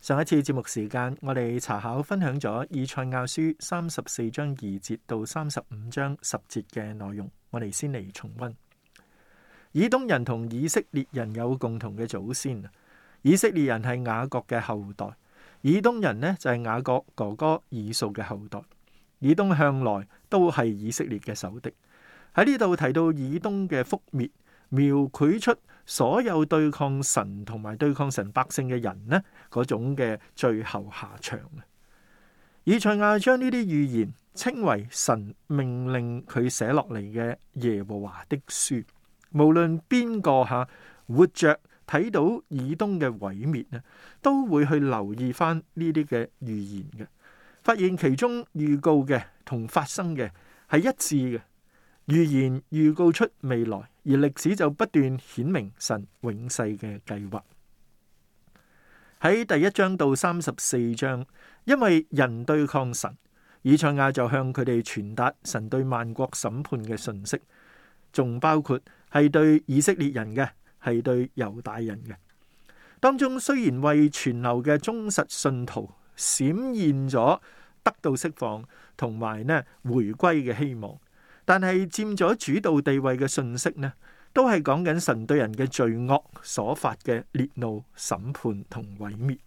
上一次節目時間，我哋查考分享咗以賽亞書三十四章二節到三十五章十節嘅內容，我哋先嚟重溫。以東人同以色列人有共同嘅祖先，以色列人係雅各嘅後代，以東人呢就係、是、雅各哥哥，哥以掃嘅後代。以東向來都係以色列嘅首敵，喺呢度提到以東嘅覆滅，描繪出。所有對抗神同埋對抗神百姓嘅人呢，嗰種嘅最後下場啊！以賽亞將呢啲預言稱為神命令佢寫落嚟嘅耶和華的書。無論邊個吓活着睇到以東嘅毀滅呢，都會去留意返呢啲嘅預言嘅，發現其中預告嘅同發生嘅係一致嘅。預言預告出未來，而歷史就不斷顯明神永世嘅計劃。喺第一章到三十四章，因為人對抗神，以賽亞就向佢哋傳達神對萬國審判嘅信息，仲包括係對以色列人嘅，係對猶大人嘅。當中雖然為存留嘅忠實信徒閃現咗得到釋放同埋呢回歸嘅希望。但係佔咗主導地位嘅信息呢，都係講緊神對人嘅罪惡所發嘅烈怒、審判同毀滅。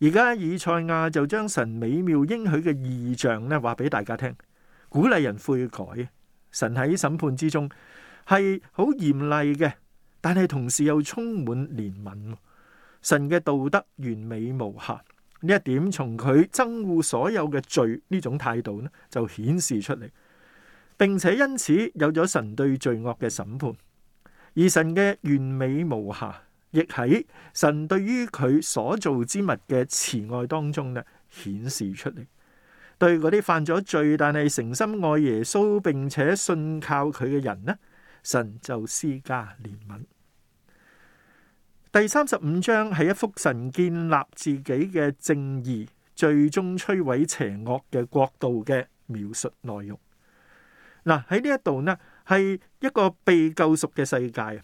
而家以賽亞就將神美妙應許嘅異象呢，話俾大家聽，鼓勵人悔改。神喺審判之中係好嚴厲嘅，但係同時又充滿憐憫。神嘅道德完美無瑕呢一點，從佢憎惡所有嘅罪呢種態度呢，就顯示出嚟。並且因此有咗神對罪惡嘅審判，而神嘅完美無瑕亦喺神對於佢所造之物嘅慈愛當中呢顯示出嚟。對嗰啲犯咗罪但係誠心愛耶穌並且信靠佢嘅人呢，神就施加憐憫。第三十五章係一幅神建立自己嘅正義，最終摧毀邪惡嘅國度嘅描述內容。嗱，喺呢一度呢，係一個被救贖嘅世界，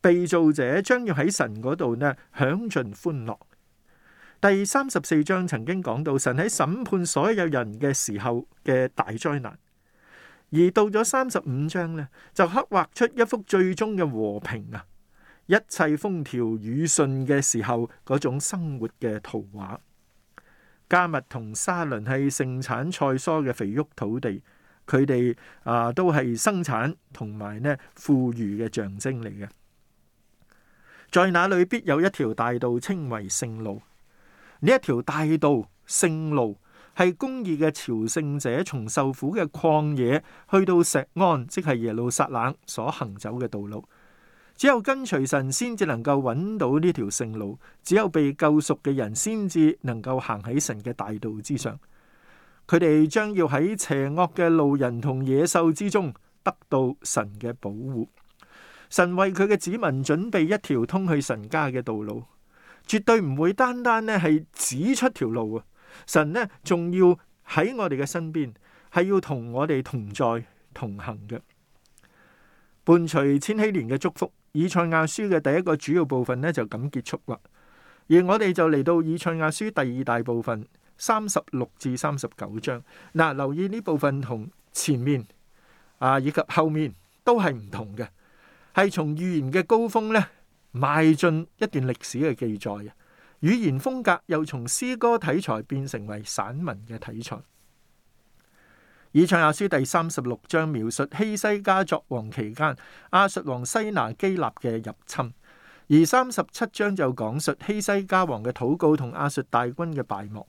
被造者將要喺神嗰度呢享盡歡樂。第三十四章曾經講到神喺審判所有人嘅時候嘅大災難，而到咗三十五章呢，就刻畫出一幅最終嘅和平啊，一切風調雨順嘅時候嗰種生活嘅圖畫。迦密同沙崙係盛產菜蔬嘅肥沃土地。佢哋啊，都係生產同埋呢富裕嘅象徵嚟嘅。在那裡必有一條大道，稱為聖路。呢一條大道聖路，係公義嘅朝聖者從受苦嘅曠野去到錫安，即係耶路撒冷所行走嘅道路。只有跟隨神，先至能夠揾到呢條聖路。只有被救贖嘅人，先至能夠行喺神嘅大道之上。佢哋將要喺邪惡嘅路人同野獸之中得到神嘅保護。神為佢嘅子民準備一條通去神家嘅道路，絕對唔會單單咧係指出條路啊！神咧仲要喺我哋嘅身邊，係要同我哋同在同行嘅。伴隨千禧年嘅祝福，以賽亞書嘅第一個主要部分咧就咁結束啦。而我哋就嚟到以賽亞書第二大部分。三十六至三十九章嗱、啊，留意呢部分同前面啊以及後面都係唔同嘅，係從預言嘅高峰呢邁進一段歷史嘅記載嘅語言風格，又從詩歌題材變成為散文嘅題材。《以賽亞書》第三十六章描述希西家作王期間，亞述王西拿基立嘅入侵；而三十七章就講述希西家王嘅禱告同亞述大軍嘅敗亡。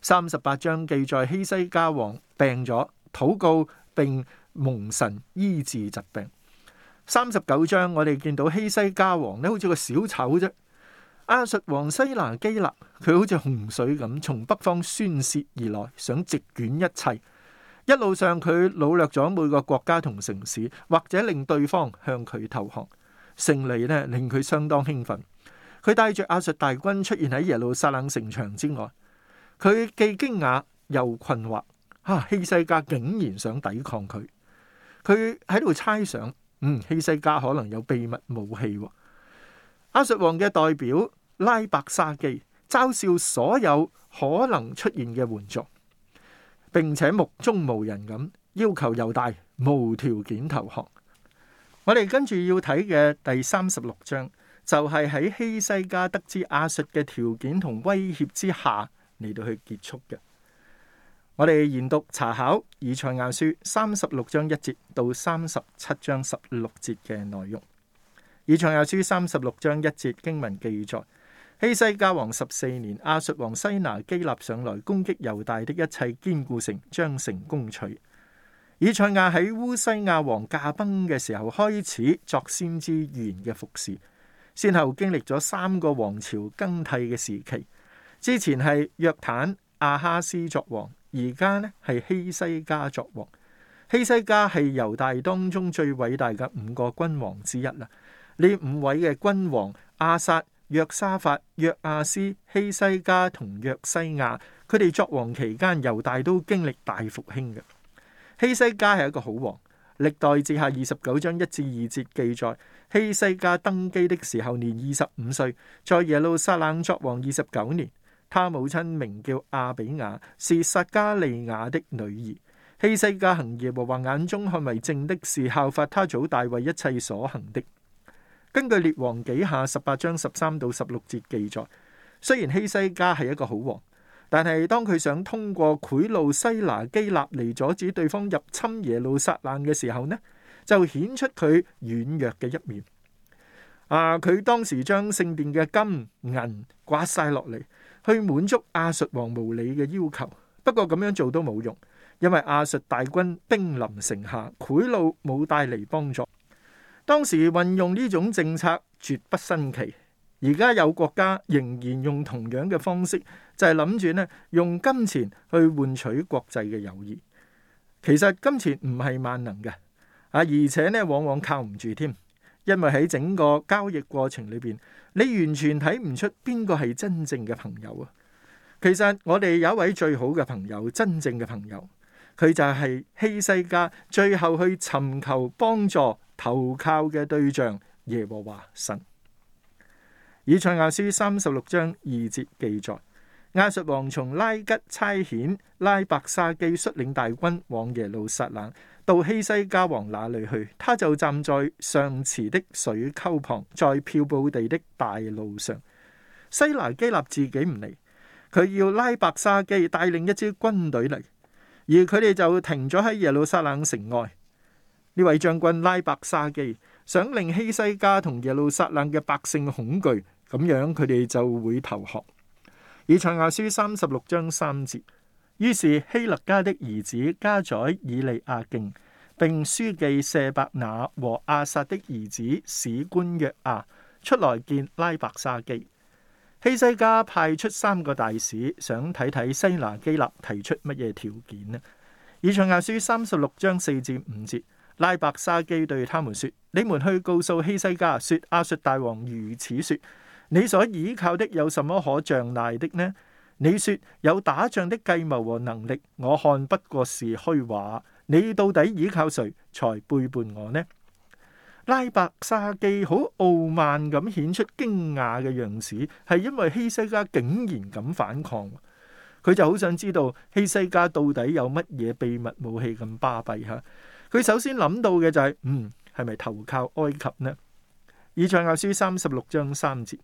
三十八章記載希西家王病咗，禱告並蒙神醫治疾病。三十九章我哋見到希西家王咧，好似個小丑啫。亞述王西拿基立，佢好似洪水咁從北方宣洩而來，想席捲一切。一路上佢擄掠咗每個國家同城市，或者令對方向佢投降。勝利咧令佢相當興奮，佢帶着亞述大軍出現喺耶路撒冷城牆之外。佢既驚訝又困惑，哈、啊！希西家竟然想抵抗佢。佢喺度猜想，嗯，希西家可能有秘密武器、哦。亞述王嘅代表拉伯沙基嘲笑所有可能出現嘅援助，並且目中無人咁要求猶大無條件投降。我哋跟住要睇嘅第三十六章就係喺希西家得知亞述嘅條件同威脅之下嚟到去結束嘅。我哋研讀查考以賽亞書三十六章一節到三十七章十六節嘅內容。以賽亞書三十六章一節經文記載：希西家王十四年，亞述王西拿基立上來攻擊猶大的一切堅固城，將城攻取。以賽亞喺烏西亞王駕崩嘅時候開始作先知預言嘅服侍，先後經歷咗三個王朝更替嘅時期。之前係約坦、亞哈斯作王，而家呢係希西家作王。希西家係猶大當中最偉大嘅五個君王之一啦。呢五位嘅君王亞撒、約沙法、約阿斯、希西家同約西亞，佢哋作王期間，猶大都經歷大復興嘅。希西家係一個好王，歷代志下二十九章一至二節記載，希西家登基的時候年二十五歲，在耶路撒冷作王二十九年。他母親名叫阿比亞，是撒加利亞的女兒。希西家行耶和華眼中看為正的事，效法他祖大衛一切所行的。根據《列王紀下》十八章十三到十六節記載，雖然希西家係一個好王，但係當佢想通過賄賂西拿基立嚟阻止對方入侵耶路撒冷嘅時候呢，就顯出佢軟弱嘅一面。啊，佢當時將聖殿嘅金銀刮晒落嚟。去滿足亞述王無理嘅要求，不過咁樣做都冇用，因為亞述大軍兵臨城下，賄賂冇帶嚟幫助。當時運用呢種政策絕不新奇，而家有國家仍然用同樣嘅方式，就係諗住呢用金錢去換取國際嘅友誼。其實金錢唔係萬能嘅，啊，而且呢往往靠唔住添，因為喺整個交易過程裏邊，你完全睇唔出邊個係真正嘅朋友啊！其實我哋有一位最好嘅朋友，真正嘅朋友，佢就係希西家最後去尋求幫助、投靠嘅對象耶和華神。以賽亞書三十六章二節記載：亞述王從拉吉差遣拉伯沙基率領大軍往耶路撒冷。到希西家王那裏去，他就站在上池的水溝旁，在漂布地的大路上。西拿基立自己唔嚟，佢要拉白沙基帶領一支軍隊嚟，而佢哋就停咗喺耶路撒冷城外。呢位將軍拉白沙基想令希西家同耶路撒冷嘅百姓恐懼，咁樣佢哋就會投降。以賽亞書三十六章三節。於是希勒家的加的兒子家宰以利亞敬，並書記謝伯拿和亞薩的兒子史官約亞出來見拉伯沙基。希西家派出三個大使，想睇睇西拿基立提出乜嘢條件呢？以賽亞書三十六章四至五節，拉伯沙基對他們說：你們去告訴希西家說：亞述大王如此說，你所倚靠的有什麼可仗賴的呢？你說有打仗的計謀和能力，我看不過是虛話。你到底依靠誰才背叛我呢？拉伯沙基好傲慢咁顯出驚訝嘅樣子，係因為希西家竟然咁反抗，佢就好想知道希西家到底有乜嘢秘密武器咁巴閉吓。佢首先諗到嘅就係、是，嗯，係咪投靠埃及呢？以賽亞書三十六章三節。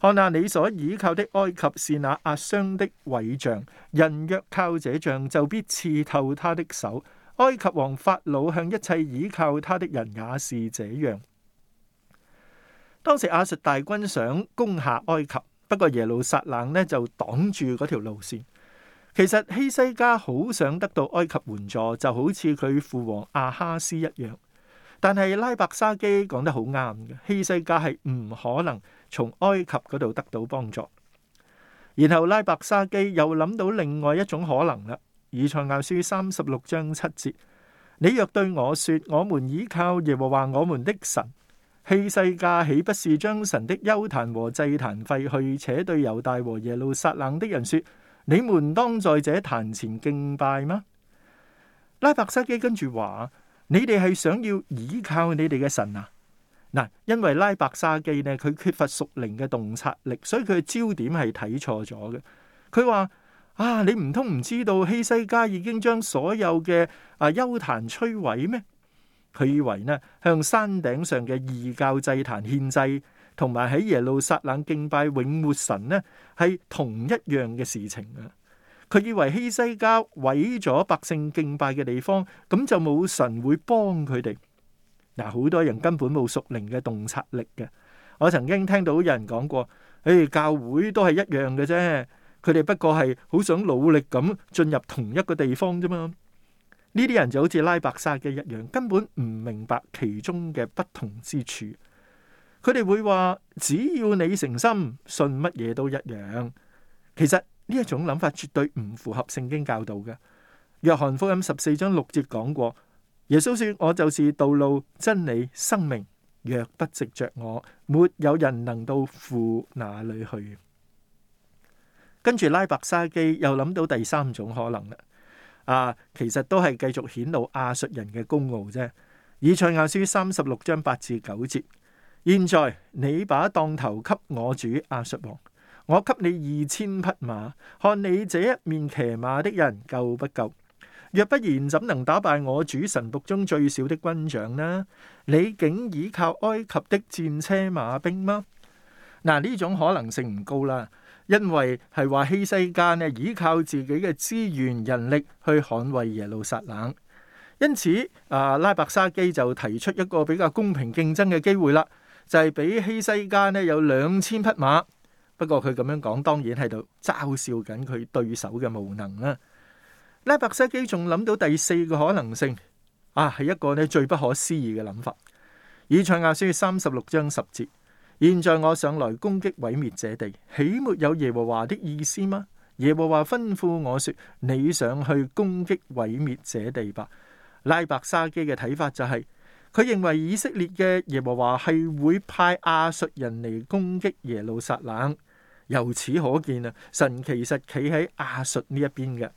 看下你所倚靠的埃及是那壓傷的偽像，人若靠這像，就必刺透他的手。埃及王法老向一切倚靠他的人也是這樣。當時亞述大軍想攻下埃及，不過耶路撒冷呢就擋住嗰條路線。其實希西家好想得到埃及援助，就好似佢父王亞哈斯一樣，但係拉伯沙基講得好啱嘅，希西家係唔可能從埃及嗰度得到幫助，然後拉伯沙基又諗到另外一種可能啦。以賽亞書三十六章七節：你若對我說，我們倚靠耶和華我們的神，希西家，豈不是將神的丘壇和祭壇廢去？且對猶大和耶路撒冷的人說，你們當在這壇前敬拜嗎？拉伯沙基跟住話：你哋係想要倚靠你哋嘅神啊？嗱，因為拉伯沙基咧，佢缺乏屬靈嘅洞察力，所以佢嘅焦點係睇錯咗嘅。佢話：啊，你唔通唔知道希西家已經將所有嘅啊丘壇摧毀咩？佢以為呢向山頂上嘅異教祭壇獻祭，同埋喺耶路撒冷敬拜永活神呢，係同一樣嘅事情啊！佢以為希西家毀咗百姓敬拜嘅地方，咁就冇神會幫佢哋。嗱，好多人根本冇屬靈嘅洞察力嘅。我曾經聽到有人講過，誒，教會都係一樣嘅啫，佢哋不過係好想努力咁進入同一個地方啫嘛。呢啲人就好似拉白沙嘅一樣，根本唔明白其中嘅不同之處。佢哋會話：只要你誠心，信乜嘢都一樣。其實呢一種諗法絕對唔符合聖經教導嘅。約翰福音十四章六節講過。耶穌說：我就是道路、真理、生命，若不藉着我，沒有人能到父那裏去。跟住拉白沙基又諗到第三種可能啦，啊，其實都係繼續顯露阿述亞述人嘅功傲啫。以賽亞書三十六章八至九節：現在你把當頭給我主阿述亞述王，我給你二千匹馬，看你這一面騎馬的人夠不夠。若不然，怎能打敗我主神僕中最小的軍長呢？你竟倚靠埃及的戰車馬兵嗎？嗱，呢種可能性唔高啦，因為係話希西家呢倚靠自己嘅資源人力去捍衛耶路撒冷，因此啊拉伯沙基就提出一個比較公平競爭嘅機會啦，就係、是、俾希西家呢有兩千匹馬。不過佢咁樣講，當然喺度嘲笑緊佢對手嘅無能啦、啊。拉伯沙基仲諗到第四個可能性，啊，係一個咧最不可思議嘅諗法。以賽亞書三十六章十節，現在我上來攻擊毀滅這地，豈沒有耶和華的意思嗎？耶和華吩咐我說：你上去攻擊毀滅這地吧。拉伯沙基嘅睇法就係、是、佢認為以色列嘅耶和華係會派亞述人嚟攻擊耶路撒冷，由此可見啊，神其實企喺亞述呢一邊嘅。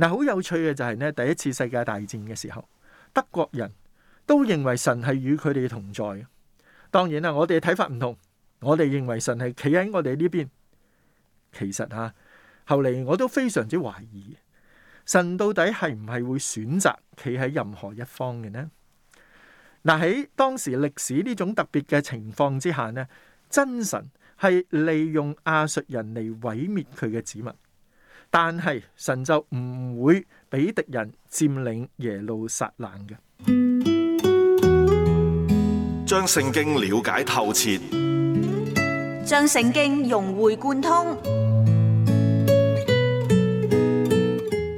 嗱，好有趣嘅就係咧，第一次世界大戰嘅時候，德國人都認為神係與佢哋同在嘅。當然啦、啊，我哋嘅睇法唔同，我哋認為神係企喺我哋呢邊。其實吓、啊，後嚟我都非常之懷疑，神到底係唔係會選擇企喺任何一方嘅呢？嗱，喺當時歷史呢種特別嘅情況之下呢，真神係利用亞述人嚟毀滅佢嘅子民。但係神就唔會俾敵人佔領耶路撒冷嘅。將聖經了解透徹，將聖經融會貫通。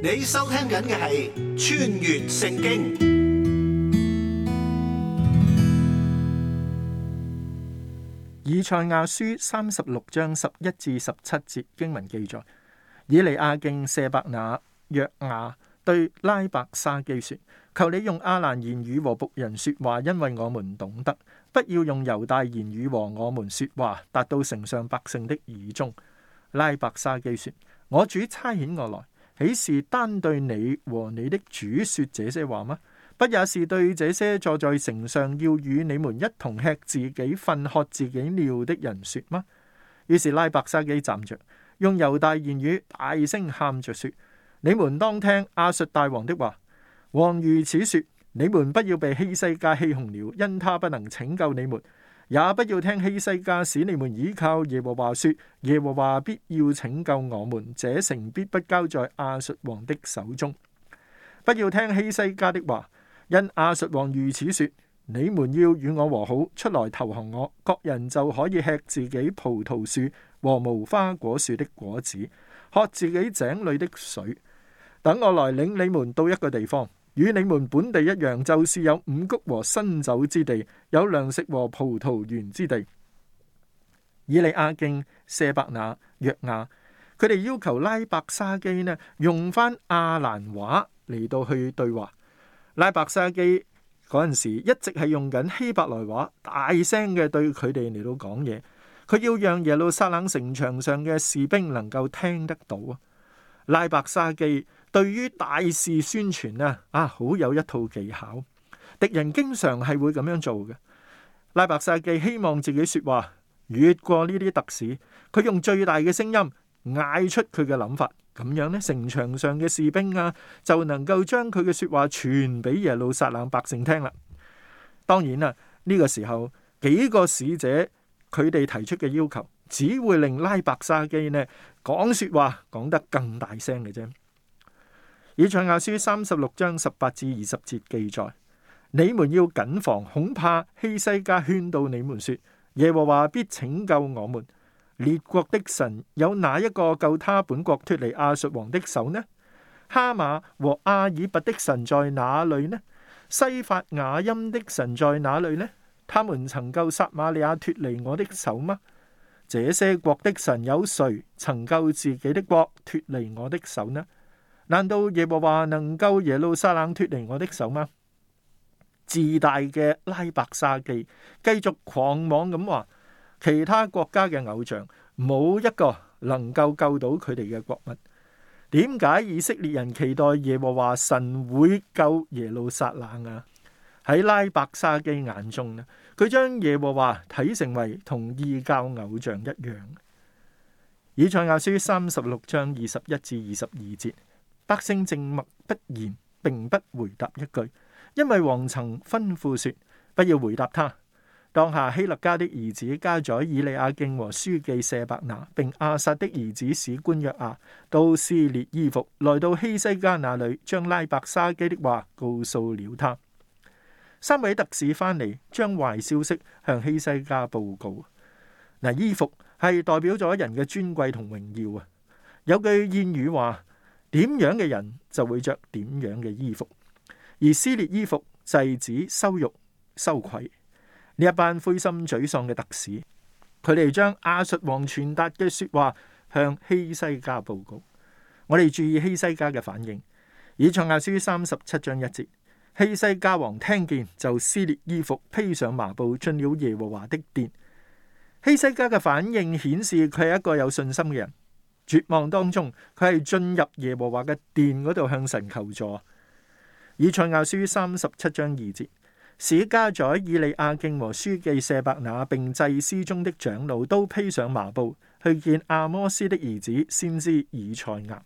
你收聽緊嘅係《穿越聖經》以亞。以賽亞書三十六章十一至十七節經文記載。以利亞敬舍伯那約亞，若雅對拉伯沙基說：求你用亞蘭言語和僕人說話，因為我們懂得。不要用猶大言語和我們說話，達到城上百姓的耳中。拉伯沙基說：我主差遣我來，豈是單對你和你的主說這些話嗎？不也是對這些坐在城上要與你們一同吃自己糞、喝自己尿的人說嗎？於是拉伯沙基站着，用猶大言語大聲喊着說：你們當聽亞述大王的話。王如此說：你們不要被希西家欺哄了，因他不能拯救你們；也不要聽希西家使你們依靠耶和華說：耶和華必要拯救我們。這城必不交在亞述王的手中。不要聽希西家的話，因亞述王如此說：你們要與我和好，出來投降我，各人就可以吃自己葡萄樹和無花果樹的果子，喝自己井裏的水，等我來領你們到一個地方，與你們本地一樣，就是有五穀和新酒之地，有糧食和葡萄園之地。以利亞敬、謝伯那、約亞，佢哋要求拉伯沙基呢，用翻阿蘭話嚟，到去對話。拉伯沙基嗰陣時一直係用緊希伯來話，大聲嘅對佢哋嚟到講嘢。佢要讓耶路撒冷城牆上嘅士兵能夠聽得到啊！拉伯沙基對於大肆宣傳啊，啊好有一套技巧。敵人經常係會咁樣做嘅。拉伯沙基希望自己說話越過呢啲特使，佢用最大嘅聲音嗌出佢嘅諗法，咁樣呢，城牆上嘅士兵啊就能夠將佢嘅說話傳俾耶路撒冷百姓聽啦。當然啦、啊，呢、這個時候幾個使者。佢哋提出嘅要求，只會令拉伯沙基呢講說話講得更大聲嘅啫。以賽亞書三十六章十八至二十節記載：你們要謹防，恐怕希西家勸導你們說：耶和華必拯救我們。列國的神有哪一個救他本國脫離亞述王的手呢？哈馬和阿爾拔的神在哪裡呢？西法雅音的神在哪裡呢？他們曾救撒馬利亞脫離我的手嗎？這些國的神有誰曾救自己的國脫離我的手呢？難道耶和華能夠耶路撒冷脫離我的手嗎？自大嘅拉伯沙基繼續狂妄咁話，其他國家嘅偶像冇一個能夠救到佢哋嘅國民。點解以色列人期待耶和華神會救耶路撒冷啊？喺拉伯沙基眼中呢，佢將耶和華睇成為同異教偶像一樣。以賽亞書三十六章二十一至二十二節，百姓靜默不言，並不回答一句，因為王曾吩咐說不要回答他。當下希勒家的兒子家宰、以利亞敬和書記舍伯拿，並亞薩的兒子史官約亞，都撕裂衣服，來到希西家那裏，將拉伯沙基的話告訴了他。三位特使翻嚟，將壞消息向希西家報告。嗱，衣服係代表咗人嘅尊貴同榮耀啊！有句諺語話：點樣嘅人就會着點樣嘅衣服。而撕裂衣服，制止羞辱、羞愧。呢一班灰心沮喪嘅特使，佢哋將亞述王傳達嘅說話向希西家報告。我哋注意希西家嘅反應，以賽亞書三十七章一節。希西家王聽見就撕裂衣服，披上麻布，進了耶和華的殿。希西家嘅反應顯示佢係一個有信心嘅人。絕望當中，佢係進入耶和華嘅殿嗰度向神求助。以賽亞書三十七章二節：使家宰以利亞敬和書記舍伯那並祭司中的長老都披上麻布去見亞摩斯的兒子先知以賽亞。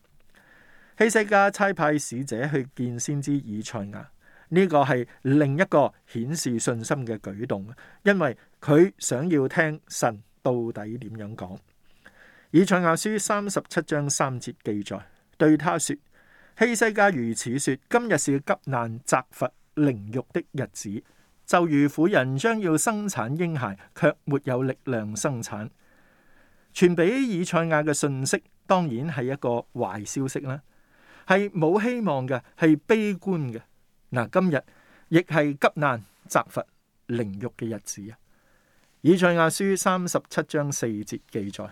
希西家差派使者去見先知以賽亞。呢個係另一個顯示信心嘅舉動，因為佢想要聽神到底點樣講。以賽亞書三十七章三節記載，對他說，希西家如此說：今日是急難、責罰、凌辱的日子，就如婦人將要生產嬰孩，卻沒有力量生產。傳俾以賽亞嘅信息當然係一個壞消息啦，係冇希望嘅，係悲觀嘅。嗱，今日亦係急難、責罰、凌辱嘅日子啊！以賽亞書三十七章四節記載，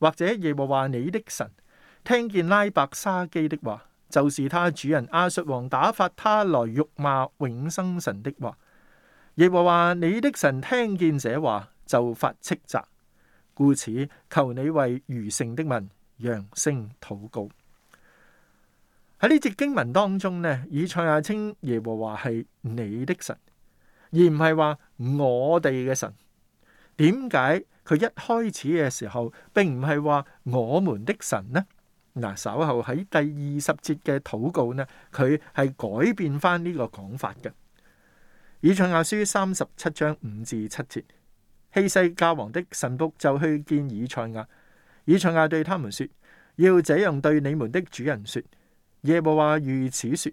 或者耶和華你的神聽見拉伯沙基的話，就是他主人亞述王打發他來辱罵永生神的話。耶和華你的神聽見這話，就發斥責，故此求你為餘剩的民揚聲禱告。喺呢節經文當中呢，以賽亞稱耶和華係你的神，而唔係話我哋嘅神。點解佢一開始嘅時候並唔係話我們的神呢？嗱，稍後喺第二十節嘅禱告呢，佢係改變翻呢個講法嘅。以賽亞書三十七章五至七節，希西家王的臣僕就去見以賽亞，以賽亞對他們說：要這樣對你們的主人說。耶和華如此說：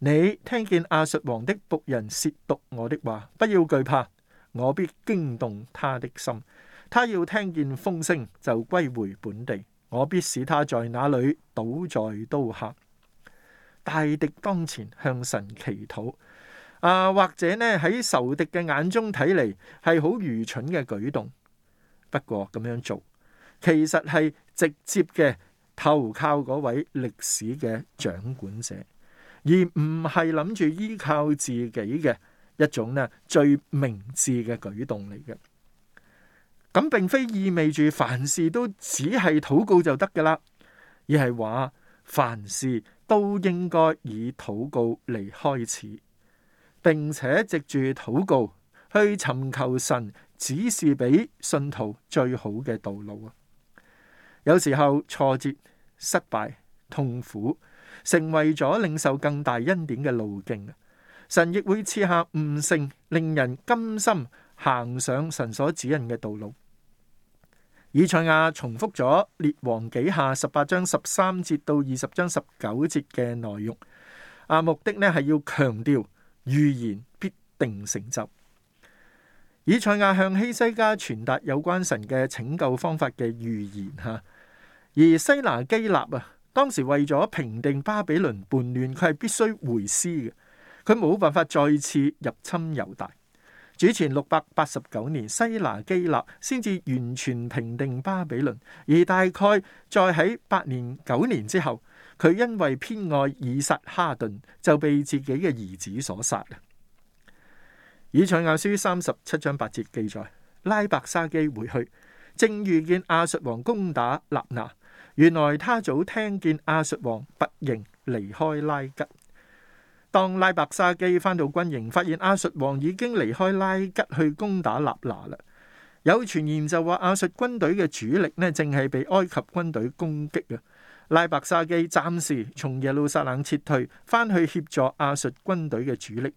你聽見亞述王的僕人褻瀆我的話，不要懼怕，我必驚動他的心，他要聽見風聲就歸回本地，我必使他在那裏倒在刀下。大敵當前，向神祈禱啊，或者呢喺仇敵嘅眼中睇嚟係好愚蠢嘅舉動，不過咁樣做其實係直接嘅。投靠嗰位歷史嘅掌管者，而唔係諗住依靠自己嘅一種呢，最明智嘅舉動嚟嘅。咁並非意味住凡事都只係禱告就得噶啦，而係話凡事都應該以禱告嚟開始，並且藉住禱告去尋求神指示俾信徒最好嘅道路啊！有時候挫折、失敗、痛苦，成為咗領受更大恩典嘅路徑。神亦會賜下悟性，令人甘心行上神所指引嘅道路。以賽亞重複咗列王紀下十八章十三節到二十章十九節嘅內容，啊，目的咧係要強調預言必定成就。以賽亞向希西家傳達有關神嘅拯救方法嘅預言吓。而西拿基立啊，當時為咗平定巴比倫叛亂，佢係必須回師嘅，佢冇辦法再次入侵猶大。主前六百八十九年，西拿基立先至完全平定巴比倫，而大概再喺八年九年之後，佢因為偏愛以撒哈頓，就被自己嘅兒子所殺。以賽亞書三十七章八節記載：拉伯沙基回去，正遇見亞述王攻打納那。原來他早聽見亞述王不應離開拉吉，當拉白沙基返到軍營，發現亞述王已經離開拉吉去攻打納拿啦。有傳言就話亞述軍隊嘅主力呢，淨係被埃及軍隊攻擊啊！拉白沙基暫時從耶路撒冷撤退，返去協助亞述軍隊嘅主力，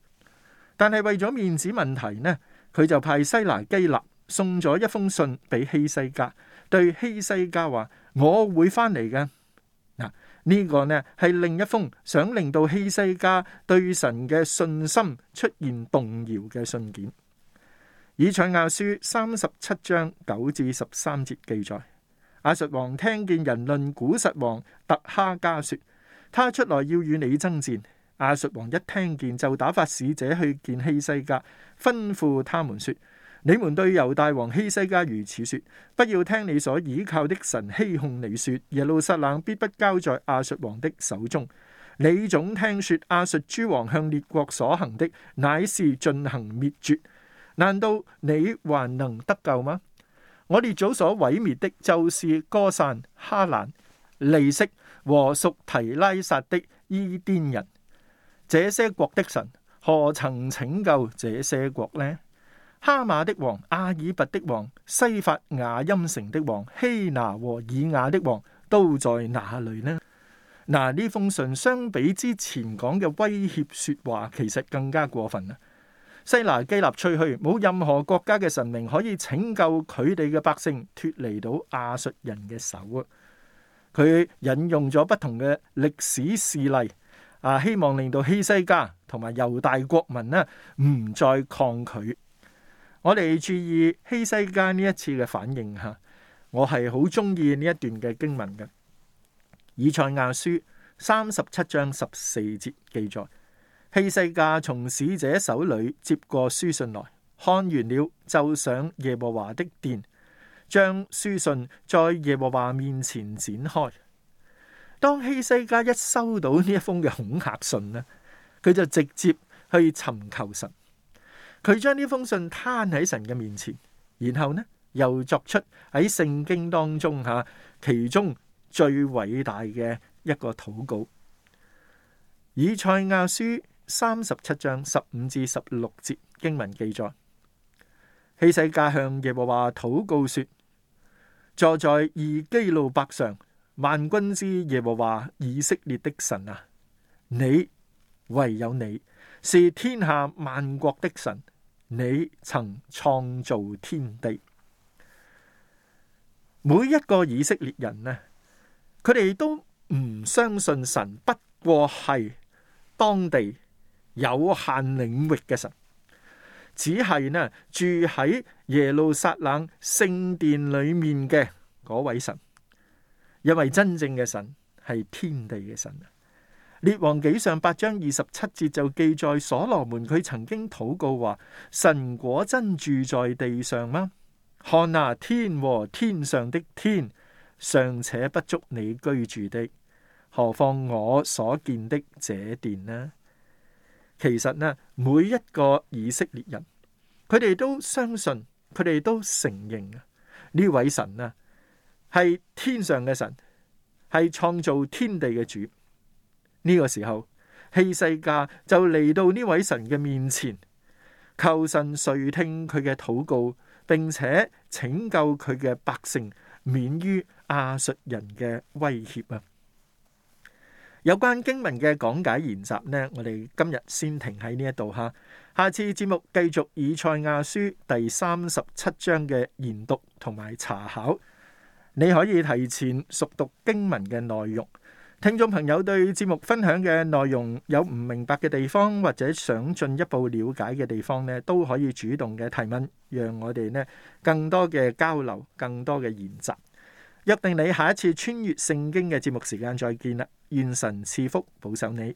但係為咗面子問題呢，佢就派西拿基立送咗一封信俾希西家。對希西家話：我會翻嚟嘅。嗱，呢、呢個呢係另一封想令到希西家對神嘅信心出現動搖嘅信件。以賽亞書三十七章九至十三節記載：亞述王聽見人論古實王特哈加說，他出來要與你爭戰。亞述王一聽見就打發使者去見希西家，吩咐他們說。你們對猶大王希西家如此說：不要聽你所倚靠的神欺哄你說，說耶路撒冷必不交在亞述王的手中。你總聽說亞述諸王向列國所行的乃是進行滅絕，難道你還能得救嗎？我列祖所毀滅的就是歌散、哈蘭、利色和屬提拉撒的伊甸人，這些國的神何曾拯救這些國呢？哈馬的王、阿爾拔的王、西法瓦音城的王、希拿和以瓦的王都在哪裏呢？嗱、啊，呢封信相比之前講嘅威脅說話，其實更加過分啊。西拿基立吹噓冇任何國家嘅神明可以拯救佢哋嘅百姓脫離到亞述人嘅手啊。佢引用咗不同嘅歷史事例啊，希望令到希西家同埋猶大國民呢唔、啊、再抗拒。我哋注意希西家呢一次嘅反應嚇，我係好中意呢一段嘅經文嘅。以賽亞書三十七章十四節記載：希西家從使者手裏接過書信來，看完了就上耶和華的殿，將書信在耶和華面前展開。當希西家一收到呢一封嘅恐嚇信呢，佢就直接去尋求神。佢將呢封信攤喺神嘅面前，然後呢又作出喺聖經當中吓、啊、其中最偉大嘅一個禱告。以賽亞書三十七章十五至十六節經文記載：希西家向耶和華禱告說：坐在二基路伯上，萬軍之耶和華以色列的神啊，你唯有你是天下萬國的神。你曾創造天地，每一個以色列人呢，佢哋都唔相信神不過係當地有限領域嘅神，只係呢住喺耶路撒冷聖殿裏面嘅嗰位神，因為真正嘅神係天地嘅神。列王紀上八章二十七節就記載所羅門佢曾經禱告話：神果真住在地上嗎？看哪，天和天上的天尚且不足你居住的，何況我所見的這殿呢？其實呢，每一個以色列人，佢哋都相信，佢哋都承認啊，呢位神啊，係天上嘅神，係創造天地嘅主。呢個時候，希西家就嚟到呢位神嘅面前，求神垂聽佢嘅禱告，並且拯救佢嘅百姓免於亞述人嘅威脅啊！有關經文嘅講解研習呢，我哋今日先停喺呢一度吓，下次節目繼續以賽亞書第三十七章嘅研讀同埋查考。你可以提前熟讀經文嘅內容。聽眾朋友對節目分享嘅內容有唔明白嘅地方，或者想進一步了解嘅地方，呢都可以主動嘅提問，讓我哋呢更多嘅交流，更多嘅研習。約定你下一次穿越聖經嘅節目時間，再見啦！願神賜福，保守你。